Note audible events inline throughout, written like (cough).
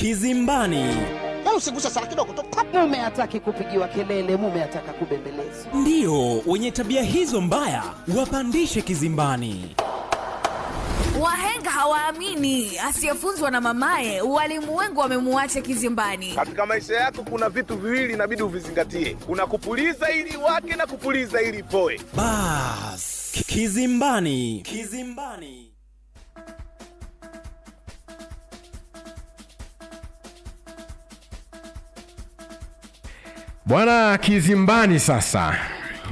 Kizimbani. Usigusa sana kidogo tu. Mume hataki kupigiwa kelele, mume hataka kubembelezwa. ndio wenye tabia hizo mbaya wapandishe kizimbani. Wahenga hawaamini, asiyefunzwa na mamaye, walimu wengi wamemuacha kizimbani. Katika maisha yako kuna vitu viwili inabidi uvizingatie, kuna kupuliza ili wake na kupuliza ili poe. Bas, kizimbani, kizimbani. Bwana kizimbani sasa.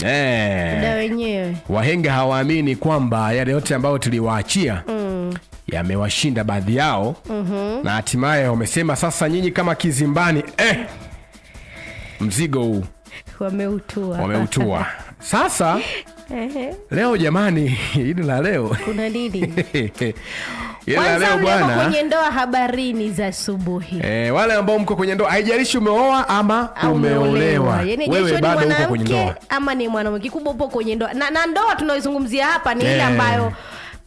Hey. Eh. Wahenga hawaamini kwamba yale yote ambayo tuliwaachia mm. yamewashinda baadhi yao mm -hmm. na hatimaye wamesema sasa, nyinyi kama kizimbani eh, mzigo huu wameutua, wameutua. (laughs) Sasa leo jamani, (laughs) hili la leo kuna nini? (laughs) Ila leo bwana kwenye ndoa habarini za asubuhi. Eh, wale ambao mko kwenye ndoa haijalishi umeoa ama umeolewa. Yaani wewe bado uko kwenye ndoa ama ni mwanamke kubwa upo kwenye ndoa. Na, na ndoa tunaoizungumzia hapa ni ile eh. ambayo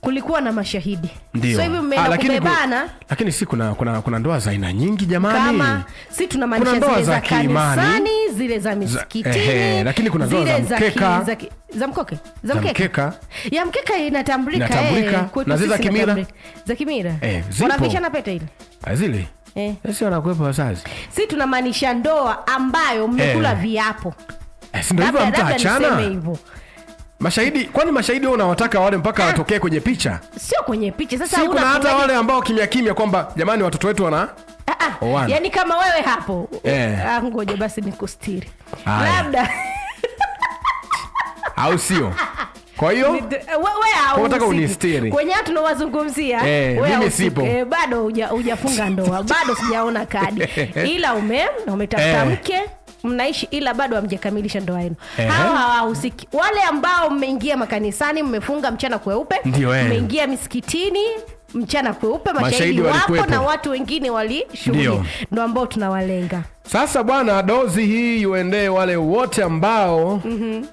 kulikuwa na mashahidi So hivi ah, mmeenda kubebana, lakini si kuna, kuna, kuna ndoa za aina nyingi jamani, kama si tunamaanisha zile za kanisani, zile za misikitini za, eh, lakini kuna ndoa za mkeka za, ki, za mkoke za mkeka, ya mkeka inatambulika, inatambulika eh, na zile za kimira za kimira eh, na pete ile ah, zile eh, sisi eh, wanakuepo wazazi, si tunamaanisha ndoa ambayo mmekula eh, viapo eh, si ndio hivyo, mtaachana hivyo Mashahidi, kwani mashahidi wao unawataka wale mpaka ah. watokee kwenye picha? Sio kwenye picha. Sasa si kuna hata wale ambao kimya kimya kwamba jamani watoto wetu wana Ah, ah Yani kama wewe hapo eh. Ah, ngoja basi nikustiri labda (laughs) au sio? Kwa hiyo unataka eh, unistiri kwenye watu eh, mimi sipo eh, bado hujafunga ndoa bado sijaona kadi (laughs) ila ume umetafuta eh. mke mnaishi ila bado hamjakamilisha ndoa yenu, eh. hawa hawahusiki. Wale ambao mmeingia makanisani, mmefunga mchana kweupe, eh. mmeingia misikitini mchana kweupe, mashahidi wapo na watu wengine walishuhudi ndo ambao tunawalenga sasa. Bwana, dozi hii iwaendee wale wote ambao mm -hmm.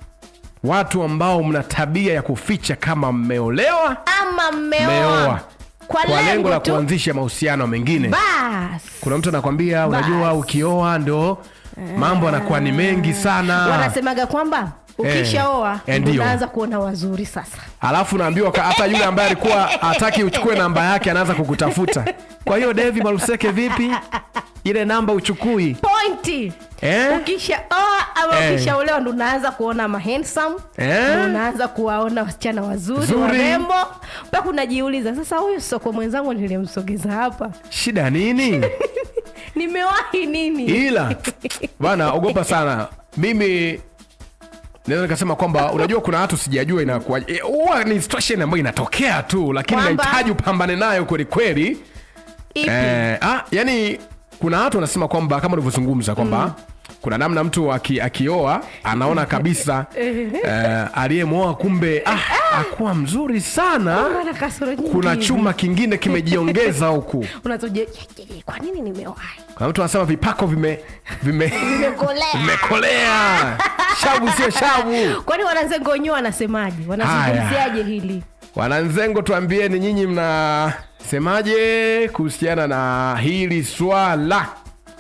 watu ambao mna tabia ya kuficha kama mmeolewa ama mmeoa kwa, kwa lengo la kuanzisha mahusiano mengine. Bas. Kuna mtu anakwambia unajua, ukioa ndo mambo yanakuwa ni mengi sana. Wanasemaga kwamba ukishaoa eh, eh, unaanza kuona wazuri sasa, alafu naambiwa hata yule ambaye alikuwa hataki uchukue namba yake anaanza kukutafuta. Kwa hiyo Devi Maruseke, vipi ile namba uchukui? Pointi. Eh? Ukishaoa ama eh, ukishaolewa ndo unaanza kuona ma handsome, eh, unaanza kuwaona wasichana wazuri warembo, mpaka unajiuliza sasa, huyu soko mwenzangu nilimsogeza hapa, shida nini? (laughs) nimewahi nini, ila (laughs) bana ogopa sana mimi naweza nikasema kwamba unajua, kuna watu sijajua inakuwaje, eh, huwa ni situation ambayo inatokea tu, lakini nahitaji upambane nayo kweli kweli. Eh, ah, yani kuna watu wanasema kwamba kama ulivyozungumza kwamba mm kuna namna mtu aki, akioa anaona kabisa uh, (laughs) eh, aliyemwoa kumbe ah, ah! akuwa mzuri sana, kuna chuma kingine kimejiongeza huku. (laughs) Kuna mtu anasema vipako vime vimekolea (laughs) shabu sio shabu. Kwani wananzengo wenyewe wanasemaje? Wanazungumziaje hili? Wananzengo, tuambieni nyinyi mnasemaje kuhusiana na hili swala?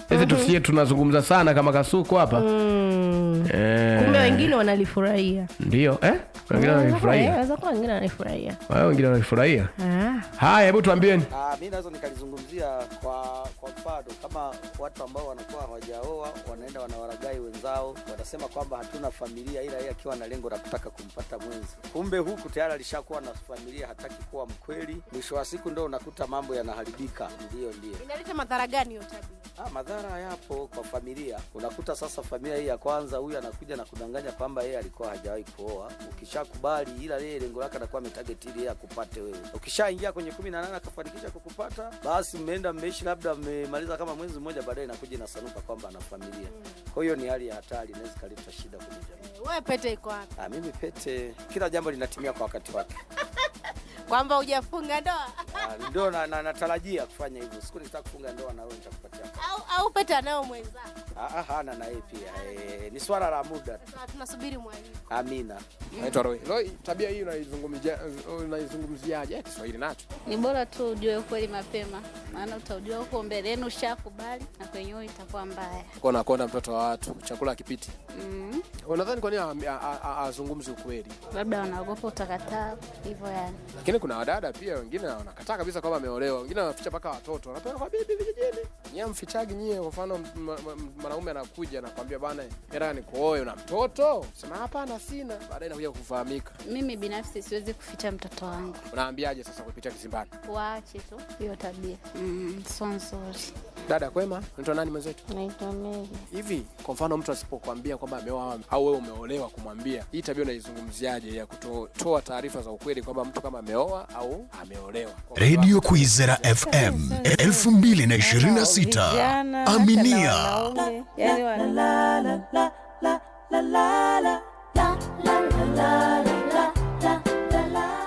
Sisi tusie mhm. tunazungumza sana kama kasuku hapa mm. eh. wengine wanalifurahia ndio eh? wengine wanalifurahia wengine wanalifurahia Haya, hebu tuambieni. Ah, mimi naweza nikalizungumzia kwa kwa mfano kama watu ambao wanakuwa hawajaoa wanaenda wanawaragai wenzao, wanasema kwamba hatuna familia, ila yeye akiwa na lengo la kutaka kumpata mwenzi, kumbe huku tayari alishakuwa na familia, hataki kuwa mkweli. Mwisho wa siku ndio unakuta mambo yanaharibika. Ndio, ndio inaleta madhara gani hiyo tabia? Ah, madhara yapo kwa familia. Unakuta sasa familia hii ya kwanza, huyu anakuja na kudanganya kwamba yeye alikuwa hajawahi kuoa. Ukishakubali, ila yeye lengo lake anakuwa ametarget yeye akupate wewe, ukishaingia akaingia kwenye 18 akafanikisha kukupata, basi mmeenda mmeishi, labda mmemaliza kama mwezi mmoja, baadaye inakuja inasanuka kwamba ana familia. Mm. Kwa hiyo ni hali ya hatari, inaweza kaleta shida kwenye jamii. Wewe pete iko wapi? Ah, mimi pete, kila jambo linatimia kwa wakati wake. (laughs) kwamba hujafunga ndoa ah, ndio na, natarajia kufanya hivyo siku nitaka kufunga ndoa na wewe nitakupatia. Au au pete anayo mwenza. Ah, ah hana na yeye pia eh, ni swala la muda. tunasubiri mwalimu. Amina. Naitwa Roy. Roy, tabia hii unaizungumzia unaizungumziaje eh, Kiswahili nacho? Ni bora tu ujue ukweli mapema, maana utajua huko mbele yenu ushakubali na kwenyewe itakuwa mbaya. Kwa nakonda mtoto wa watu, chakula kipiti. Mm. Mm-hmm. Unadhani kwa nini azungumzi ukweli? Labda wanaogopa utakataa hivyo yani. Lakini lakini kuna wadada pia wengine wanakataa kabisa kwamba ameolewa, wengine wanaficha mpaka watoto, wanapenda kwa bibi vijijini. Nyie mfichagi nyie, kwa mfano mwanaume anakuja nakwambia, bana, hera ni kuoe na mtoto, sema hapana, sina, baadaye inakuja kufahamika. Mimi binafsi siwezi kuficha mtoto wangu. Unaambiaje sasa kupitia kizimbani? Waache tu hiyo tabia, mm, so nzuri. Dada kwema, unaitwa nani mwenzetu? Naitwa Mary. Hivi kwa mfano mtu asipokuambia kwamba ameoa au wewe umeolewa, kumwambia hii tabia unaizungumziaje ya kutotoa taarifa za ukweli kwamba mtu kama ameo ameoa au ameolewa. Redio Kwizera FM 2026 Aminia.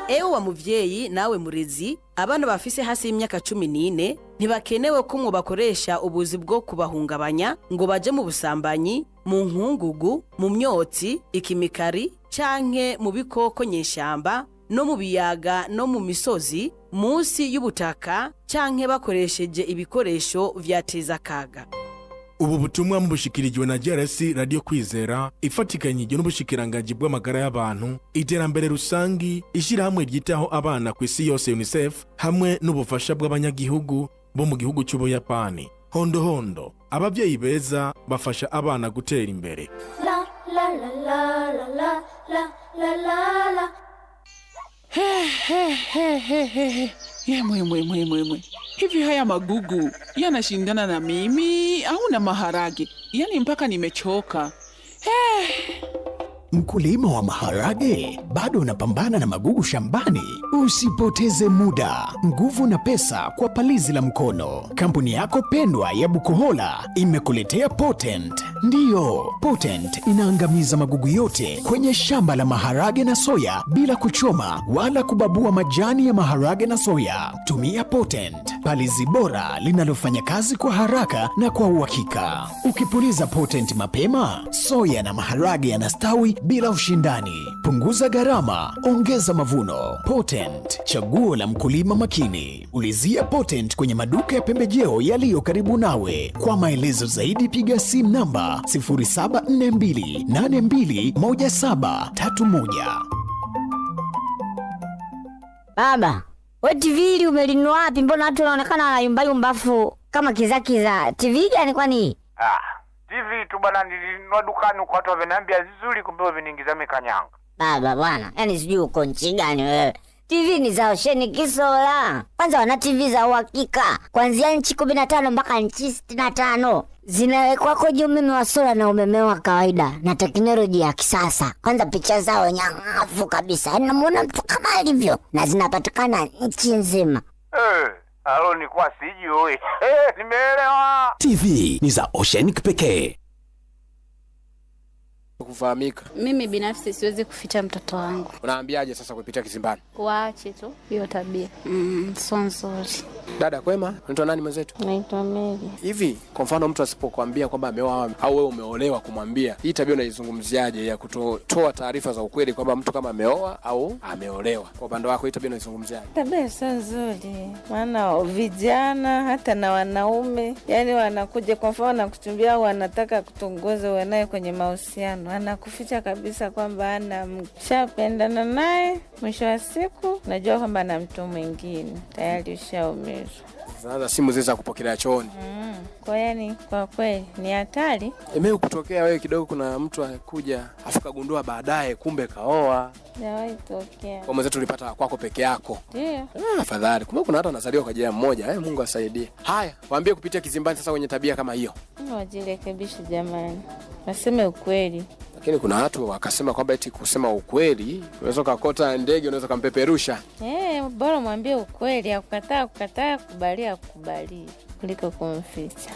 Ewa muvyeyi nawe murezi abana bafise hasi y'imyaka cumi n'ine ntibakenewe ko mwobakoresha ubuzi bwo kubahungabanya ngo baje mu busambanyi mu nkungugu mu myotsi ikimikari canke mu bikoko nyeshyamba no mu biyaga no mu misozi munsi y'ubutaka canke bakoresheje ibikoresho vyateza kaga ubu butumwa mubushikirijwe na GRS Radio Kwizera ifatikanyije n'ubushikiranganji bw'amagara y'abantu iterambere rusangi ishirahamwe ryitaho abana ku isi yose UNICEF hamwe n'ubufasha bw'abanyagihugu bo mu gihugu cy'Ubuyapani hondohondo ababyeyi beza bafasha abana gutera imbere la, la, la, la, la, la, la, la, la he, he, he, mwe mwe, hivi haya magugu yanashindana na mimi au na maharage? Yaani mpaka nimechoka. Mkulima wa maharage bado unapambana na magugu shambani? Usipoteze muda, nguvu na pesa kwa palizi la mkono. Kampuni yako pendwa ya Bukohola imekuletea Potent. Ndiyo, Potent inaangamiza magugu yote kwenye shamba la maharage na soya bila kuchoma wala kubabua majani ya maharage na soya. Tumia Potent, palizi bora linalofanya kazi kwa haraka na kwa uhakika. Ukipuliza Potent mapema, soya na maharage yanastawi bila ushindani. Punguza gharama, ongeza mavuno. Potent, chaguo la mkulima makini. Ulizia Potent kwenye maduka ya pembejeo yaliyo karibu nawe. Kwa maelezo zaidi, piga simu namba 0742821731. Baba, we TV ili umelinua wapi? Mbona watu wanaonekana yumbafu kama kizakiza? TV gani kwani? Ah hivi tu bwana, nilinunua dukani kwa watu wameniambia vizuri, kumbe wameniingiza mikanyanga. Baba bwana, yani sijui uko nchi gani wewe. TV ni za kisola. kwanza, wana TV za uhakika kuanzia nchi kumi na tano mpaka nchi sitini na tano zinawekwa kwenye umeme wa sola na umeme wa kawaida na teknoloji ya kisasa. Kwanza picha zao nyang'afu kabisa, yani namuona mtu kama alivyo, na zinapatikana nchi nzima. hey. Eh, alo nilikuwa e. sijui. (laughs) Nimeelewa. TV ni za Oceanic pekee kufahamika. Mimi binafsi siwezi kuficha mtoto wangu. Unaambiaje sasa kupitia kizimbani? Waache tu hiyo tabia, mm, sio nzuri. Dada kwema, unaitwa nani mwenzetu? Naitwa Meli. Hivi kwa mfano mtu asipokuambia kwamba ameoa au wewe umeolewa kumwambia, hii tabia unaizungumziaje ya kutotoa taarifa za ukweli kwamba mtu kama ameoa au ameolewa? Kwa upande wako hii tabia unaizungumziaje? Tabia sio nzuri, maana vijana hata na wanaume yani wanakuja, kwa mfano nakuchumbia au wanataka kutongoza uwe naye kwenye mahusiano anakuficha kabisa kwamba anamshapendana naye, mwisho wa siku najua kwamba na mtu mwingine tayari ushaumizwa. Sasa simu zile za kupokelea chooni mm. Kwa yani, kwa kweli ni hatari emee kutokea wewe kidogo, kuna mtu akuja afu kagundua baadaye, kumbe kaoa. Jawahi tokea kwa mwenzetu, ulipata kwako peke yako ndio ah, afadhali. Ah, kumbe kuna hata anazaliwa kwa jina mmoja eh, Mungu asaidie. Haya, waambie kupitia kizimbani sasa wenye tabia kama hiyo wajirekebishe jamani. Naseme ukweli. Lakini kuna watu wakasema kwamba eti kusema ukweli unaweza ukakota ndege, unaweza ukampeperusha. Eh, bora mwambie ukweli, akukataa kukataa, kubalia akubali, kuliko kumficha.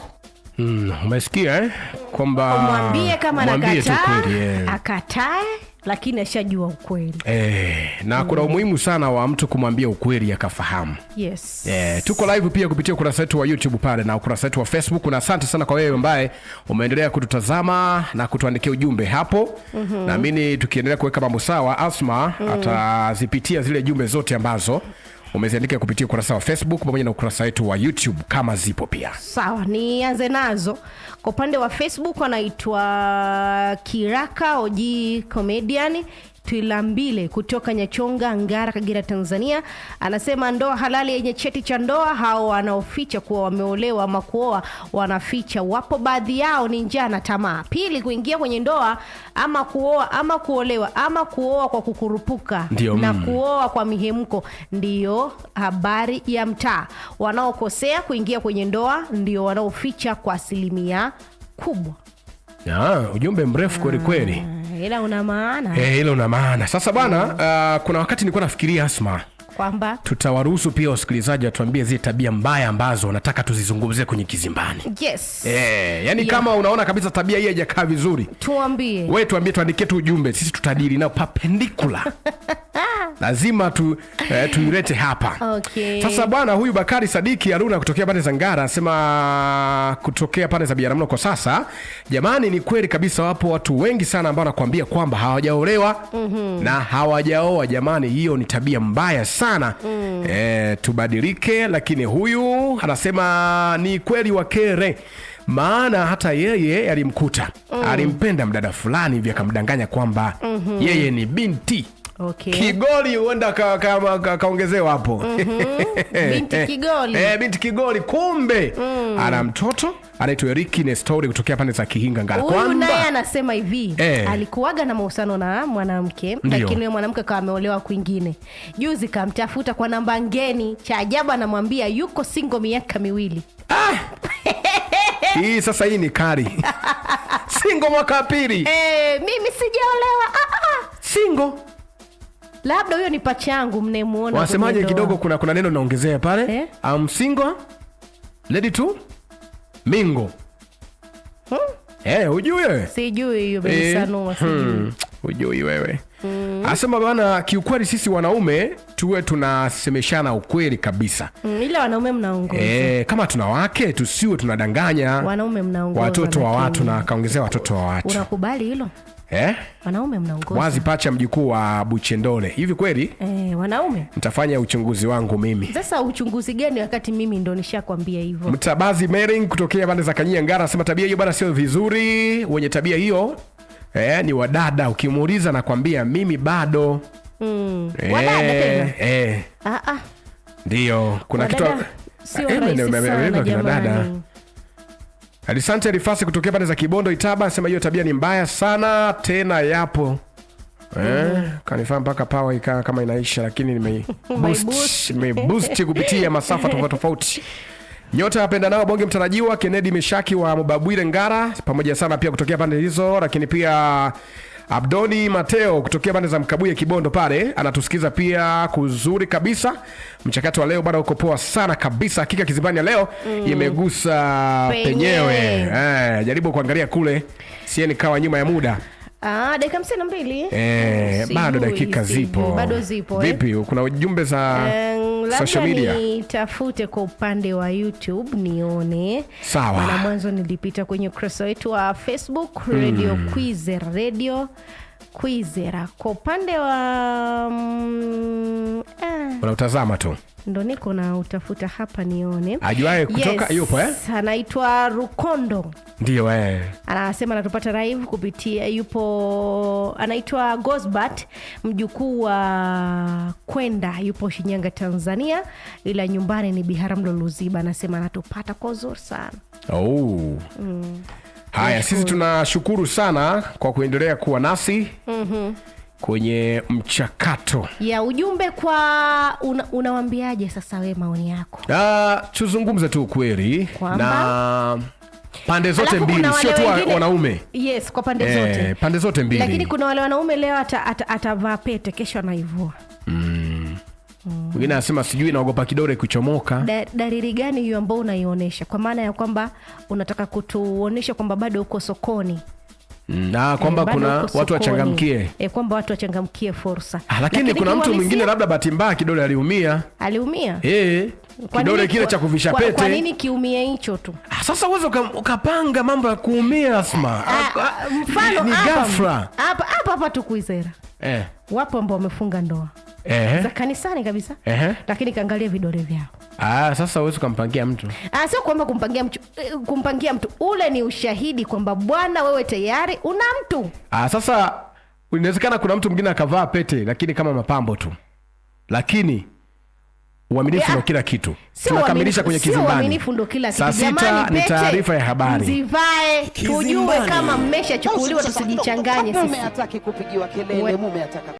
Mm, umesikia eh? Kwamba mwambie kama anakataa, eh. akatae lakini ashajua ukweli eh, na kuna mm. umuhimu sana wa mtu kumwambia ukweli akafahamu. Yes. Eh, tuko live pia kupitia ukurasa wetu wa YouTube pale na ukurasa wetu wa Facebook, na asante sana kwa wewe ambaye umeendelea kututazama na kutuandikia ujumbe hapo mm -hmm. Naamini tukiendelea kuweka mambo sawa, Asma mm. atazipitia zile jumbe zote ambazo umeziandika kupitia ukurasa wa Facebook pamoja na ukurasa wetu wa YouTube kama zipo pia. Sawa, nianze nazo. Kwa upande wa Facebook anaitwa Kiraka Oji Comedian, Twilambile kutoka Nyachonga, Ngara, Kagera, Tanzania, anasema ndoa halali yenye cheti cha ndoa. Hao wanaoficha kuwa wameolewa ama kuoa wanaficha, wapo baadhi yao ni njaa na tamaa. Pili, kuingia kwenye ndoa ama kuoa ama kuolewa ama kuoa kwa kukurupuka ndiyo, na mm. kuoa kwa mihemko, ndiyo habari ya mtaa. Wanaokosea kuingia kwenye ndoa ndio wanaoficha kwa asilimia kubwa. Ya, ah, ujumbe mrefu kweli mm. kweli hela una maana. Eh, hela una maana. Sasa bwana, uh, kuna wakati nilikuwa nafikiria Asma kwamba tutawaruhusu pia wasikilizaji watuambie zile tabia mbaya ambazo wanataka tuzizungumzie kwenye Kizimbani. Yes. Eh, yani yeah. Kama unaona kabisa tabia hii haijakaa vizuri, tuambie. Wewe tuambie, tuandikie tu ujumbe, sisi tutadili nao papendikula (laughs) Ah. lazima tu, eh, tuilete hapa okay. Sasa bwana huyu Bakari Sadiki Aruna kutokea pande za Ngara anasema kutokea pande za Biharamulo kwa sasa, jamani, ni kweli kabisa, wapo watu wengi sana ambao wanakuambia kwamba hawajaolewa mm -hmm. na hawajaoa. Jamani, hiyo ni tabia mbaya sana mm. eh, tubadilike. Lakini huyu anasema ni kweli wakere maana hata yeye alimkuta mm. alimpenda mdada fulani hivi akamdanganya kwamba mm -hmm. yeye ni binti Okay. Kigoli huenda kaongezewa ka, ka, hapo mm -hmm. Binti (laughs) Kigoli. Eh, binti Kigoli kumbe mm. Ana mtoto anaitwa Eric Nestori kutokea pande za Kihinga Ngara. Huyu naye anasema hivi eh. Alikuwaga na mahusiano na mwanamke lakini yule mwanamke kawa ameolewa kwingine. Juzi kamtafuta kwa namba ngeni, cha ajabu anamwambia yuko single miaka miwili. Ah! (laughs) Hii sasa hii ni kari. (laughs) Single mwaka pili. Eh, mimi sijaolewa. Ah, ah. ah. Single labda huyo ni pacha yangu mnemuona. Wasemaje kidogo, kuna kuna neno naongezea pale eh? I'm single lady to mingo Hmm? Eh, hujui wewe? Sijui hiyo, bila sanua eh, hmm. sijui. Ujui wewe mm. Asema bana, kiukweli sisi wanaume tuwe tunasemeshana ukweli kabisa mm, ila wanaume mnaongoza e, kama tuna wake tusiwe tunadanganya wanaume mnaongoza watoto wa watu na akaongezea watoto wa watu. Unakubali hilo? Eh? Wanaume mnaongoza. Wazi pacha mjukuu wa Buchendole. Hivi kweli? Eh, wanaume. Nitafanya uchunguzi wangu mimi. Sasa uchunguzi gani wakati mimi ndo nishakwambia hivyo? Mtabazi Mering kutokea pande za Kanyia Ngara anasema tabia hiyo bana sio vizuri. Wenye tabia hiyo eh, ni wadada. Ukimuuliza nakwambia mimi bado mm. ah, ah. Ndio, kuna kitu eh, Alisante Rifasi kutokea pande za Kibondo Itaba anasema hiyo tabia ni mbaya sana tena yapo eh, mm. kanifaa mpaka pawa ikaa kama inaisha, lakini nime (laughs) kupitia masafa tofauti tofauti (laughs) Nyota nao bonge mtarajiwa Kennedy meshaki wa Mbabwire Ngara pamoja sana pia kutokea pande hizo, lakini pia Abdoni Mateo kutokea pande za Mkabuye Kibondo pale anatusikiza pia kuzuri kabisa. Mchakato wa leo bado uko poa sana kabisa. Hakika Kizimbani ya leo mm, imegusa penyewe. Eh, jaribu kuangalia kule, sieni kawa nyuma ya muda. Ah, dakika hamsini na mbili eh, bado dakika zipo, bado zipo. Eh. Vipi eh? Kuna jumbe za um, social media nitafute kwa upande wa YouTube nione. Sawa. Na mwanzo nilipita kwenye ukurasa wetu wa Facebook Radio mm. Kwizera Radio Kwizera kwa upande wa mm, eh. unautazama tu ndo niko na utafuta hapa nione ajuae kutoka yes. Yupo eh? Anaitwa Rukondo ndio eh. Anasema anatupata live kupitia, yupo anaitwa gosbat mjukuu wa kwenda, yupo Shinyanga Tanzania, ila nyumbani ni biharamdo Luziba. Anasema anatupata kwa uzuri sana oh. mm. Haya, sisi tunashukuru sana kwa kuendelea kuwa nasi mm -hmm. kwenye mchakato ya ujumbe kwa una, unawambiaje sasa we maoni yako? Uh, tuzungumze tu ukweli na pande zote mbili, sio tu wanaume. Yes, kwa pande eh, zote, eh, pande zote mbili, lakini kuna wale wanaume leo atavaa ata, ata pete, kesho anaivua Mm. Mwingine anasema sijui naogopa kidore kuchomoka. Da, dalili gani hiyo ambao unaionyesha kwa maana ya kwamba unataka kutuonyesha kwamba bado uko sokoni na mm, ah, eh, kwamba e, kuna watu wachangamkie e, kwamba watu wachangamkie fursa. Ah, lakini, lakini kuna mtu mwingine labda bahati mbaya kidole aliumia aliumia e kidole kile cha kuvisha pete. Kwa nini kiumie hicho tu? Ah, sasa uweze ukapanga mambo ya kuumia Asma. Ah, ah, mfano ni ghafla. Hapa hapa hapa tukuizera. Eh. Wapo ambao wamefunga ndoa. Eh. Za kanisani kabisa. Eh. Lakini kaangalia vidole vyao. Ah, sasa uweze kumpangia mtu. Ah, sio kwamba kumpangia mtu, eh, kumpangia mtu. Ule ni ushahidi kwamba bwana, wewe tayari una mtu. Ah, sasa inawezekana kuna mtu mwingine akavaa pete lakini kama mapambo tu. Lakini Uaminifu ndo kila kitu. Tunakamilisha kwenye kizimbani. Uaminifu ndio kila kitu. sita ni taarifa ya habari. Mzivae, tujue kama mmeshachukuliwa tusijichanganye sisi. Mume hataki kupigiwa kelele, mume hataka